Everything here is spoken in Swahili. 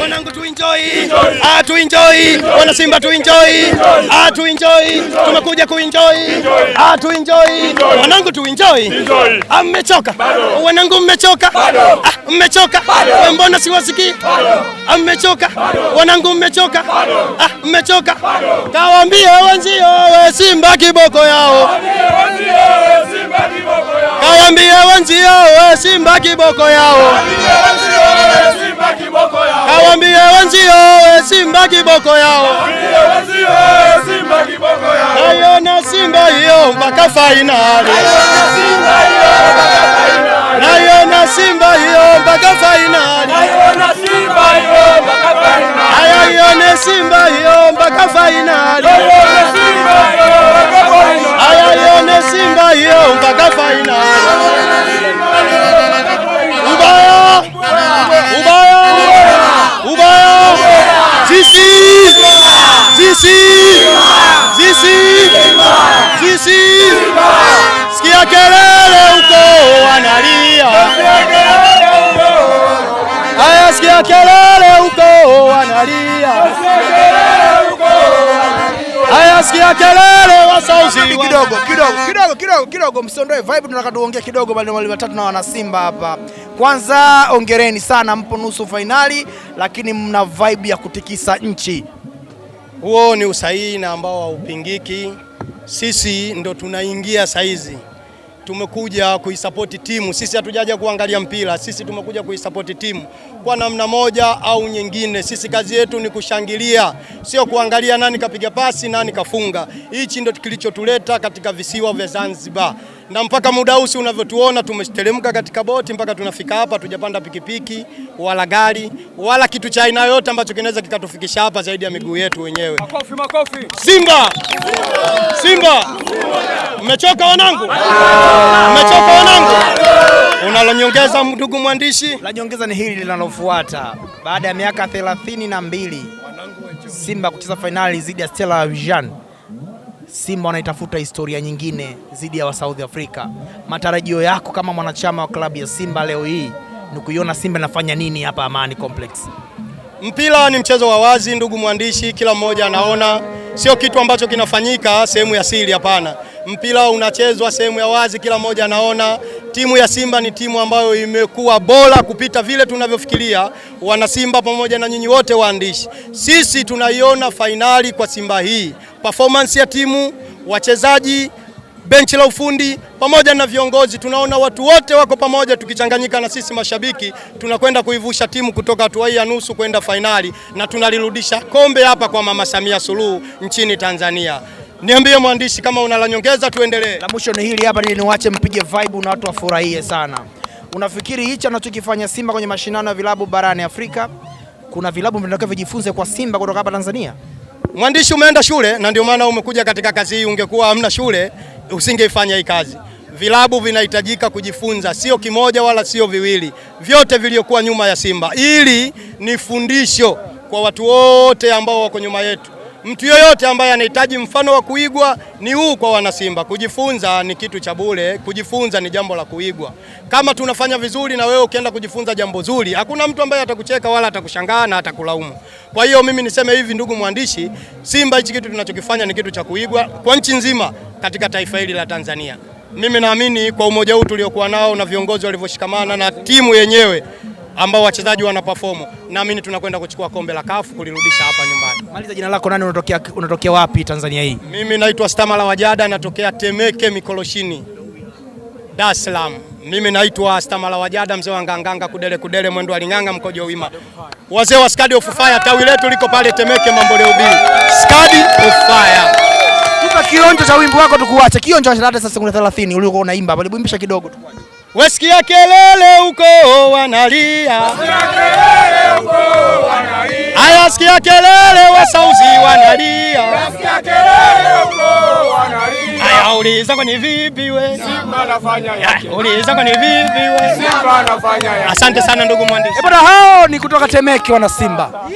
Wanangu tu enjoy, ah tu enjoy, wana Simba tu enjoy, ah tu enjoy, tumekuja ku enjoy, ah tu enjoy, wanangu tu enjoy. Ah, mmechoka wanangu, mmechoka, ah, mmechoka, eh, mbona siwasikii? Ah, mmechoka wanangu, mmechoka, ah mmechoka, kawaambie wenzio we Simba kiboko yao, kawaambie wenzio we Simba kiboko yao Waambie wenzio we Simba kiboko yao, naiona Simba hiyo mpaka fainali, naiona Simba hiyo mpaka fainali, ayaione Simba hiyo mpaka fainali. Nasikia kelele Kidogo kidogo kidogo kidogo kidogo, msiondoe vibe, tunataka tuongee kidogo bali wale watatu na wana Simba hapa. Kwanza ongereni sana, mpo nusu fainali, lakini mna vibe ya kutikisa nchi. Huo ni usahihi na ambao haupingiki. Sisi ndo tunaingia saizi tumekuja kuisapoti timu. Sisi hatujaja kuangalia mpira, sisi tumekuja kuisapoti timu kwa namna moja au nyingine. Sisi kazi yetu ni kushangilia, sio kuangalia nani kapiga pasi, nani kafunga. Hichi ndio kilichotuleta katika visiwa vya Zanzibar, na mpaka muda usi unavyotuona, tumeteremka katika boti mpaka tunafika hapa. Tujapanda pikipiki wala gari wala kitu cha aina yoyote ambacho kinaweza kikatufikisha hapa zaidi ya miguu yetu wenyewe. Makofi, makofi! Simba, Simba, Simba! Mmechoka wanangu? Mmechoka wanangu? Unalonyongeza ndugu mwandishi? La ni hili linalofuata. Baada ya miaka thelathini na mbili Simba kucheza fainali dhidi ya Stella Vision, Simba wanaitafuta historia nyingine dhidi ya wa South Africa. Matarajio yako kama mwanachama wa klabu ya Simba leo hii ni kuiona Simba inafanya nini hapa Amani Complex? Mpira ni mchezo wa wazi, ndugu mwandishi, kila mmoja anaona, sio kitu ambacho kinafanyika sehemu ya siri, hapana mpira unachezwa sehemu ya wazi, kila mmoja anaona. Timu ya Simba ni timu ambayo imekuwa bora kupita vile tunavyofikiria, wana Simba pamoja na nyinyi wote waandishi. Sisi tunaiona fainali kwa Simba hii, performance ya timu, wachezaji benchi la ufundi pamoja na viongozi, tunaona watu wote wako pamoja, tukichanganyika na sisi mashabiki, tunakwenda kuivusha timu kutoka hatua hii ya nusu kwenda fainali, na tunalirudisha kombe hapa kwa Mama Samia Suluhu nchini Tanzania. Niambie mwandishi kama una la nyongeza, tuendelee. La mwisho ni hili hapa, ili niwache mpige vibe na watu wafurahie sana. Unafikiri hichi anachokifanya Simba kwenye mashindano ya vilabu barani Afrika, kuna vilabu vinataka vijifunze kwa Simba kutoka hapa Tanzania? Mwandishi, umeenda shule na ndio maana umekuja katika kazi hii. Ungekuwa hamna shule, usingeifanya hii kazi. Vilabu vinahitajika kujifunza, sio kimoja wala sio viwili, vyote vilivyokuwa nyuma ya Simba. Hili ni fundisho kwa watu wote ambao wako nyuma yetu. Mtu yoyote ambaye anahitaji mfano wa kuigwa ni huu kwa wanasimba. Kujifunza ni kitu cha bure, kujifunza ni jambo la kuigwa. Kama tunafanya vizuri na wewe ukienda kujifunza jambo zuri, hakuna mtu ambaye atakucheka wala atakushangaa na atakulaumu. Kwa hiyo mimi niseme hivi, ndugu mwandishi, Simba hichi kitu tunachokifanya ni kitu cha kuigwa kwa nchi nzima, katika taifa hili la Tanzania. Mimi naamini kwa umoja huu tuliokuwa nao na viongozi walivyoshikamana na timu yenyewe ambao wachezaji wanaperform, naamini tunakwenda kuchukua kombe la kafu kulirudisha hapa nyumbani. Maliza jina lako, nani unatokea, unatokea wapi Tanzania hii? Mimi naitwa Stamala Wajada, natokea Temeke Mikoloshini, Dar es Salaam. Mimi naitwa Stamala Wajada, mzee wa nganganga, kudele kudele, mwendo aling'anga, mkojo wima, wazee wa Skadi of Fire. Tawi letu liko pale Temeke, leo bii. Skadi of Fire, tupa kionjo cha wimbo wako tukuache. Kionjo cha dada, sasa sekunde 30 uliokuwa unaimba Bali bwimbisha kidogo tukuache. Wesikia kelele huko wanalia Wasikia kelele wasauzi wanalia, aya uliza ni vipi we, uliza ni vipi we. Asante sana ndugu mwandishi. Eh, hao ni kutoka Temeke wana Simba.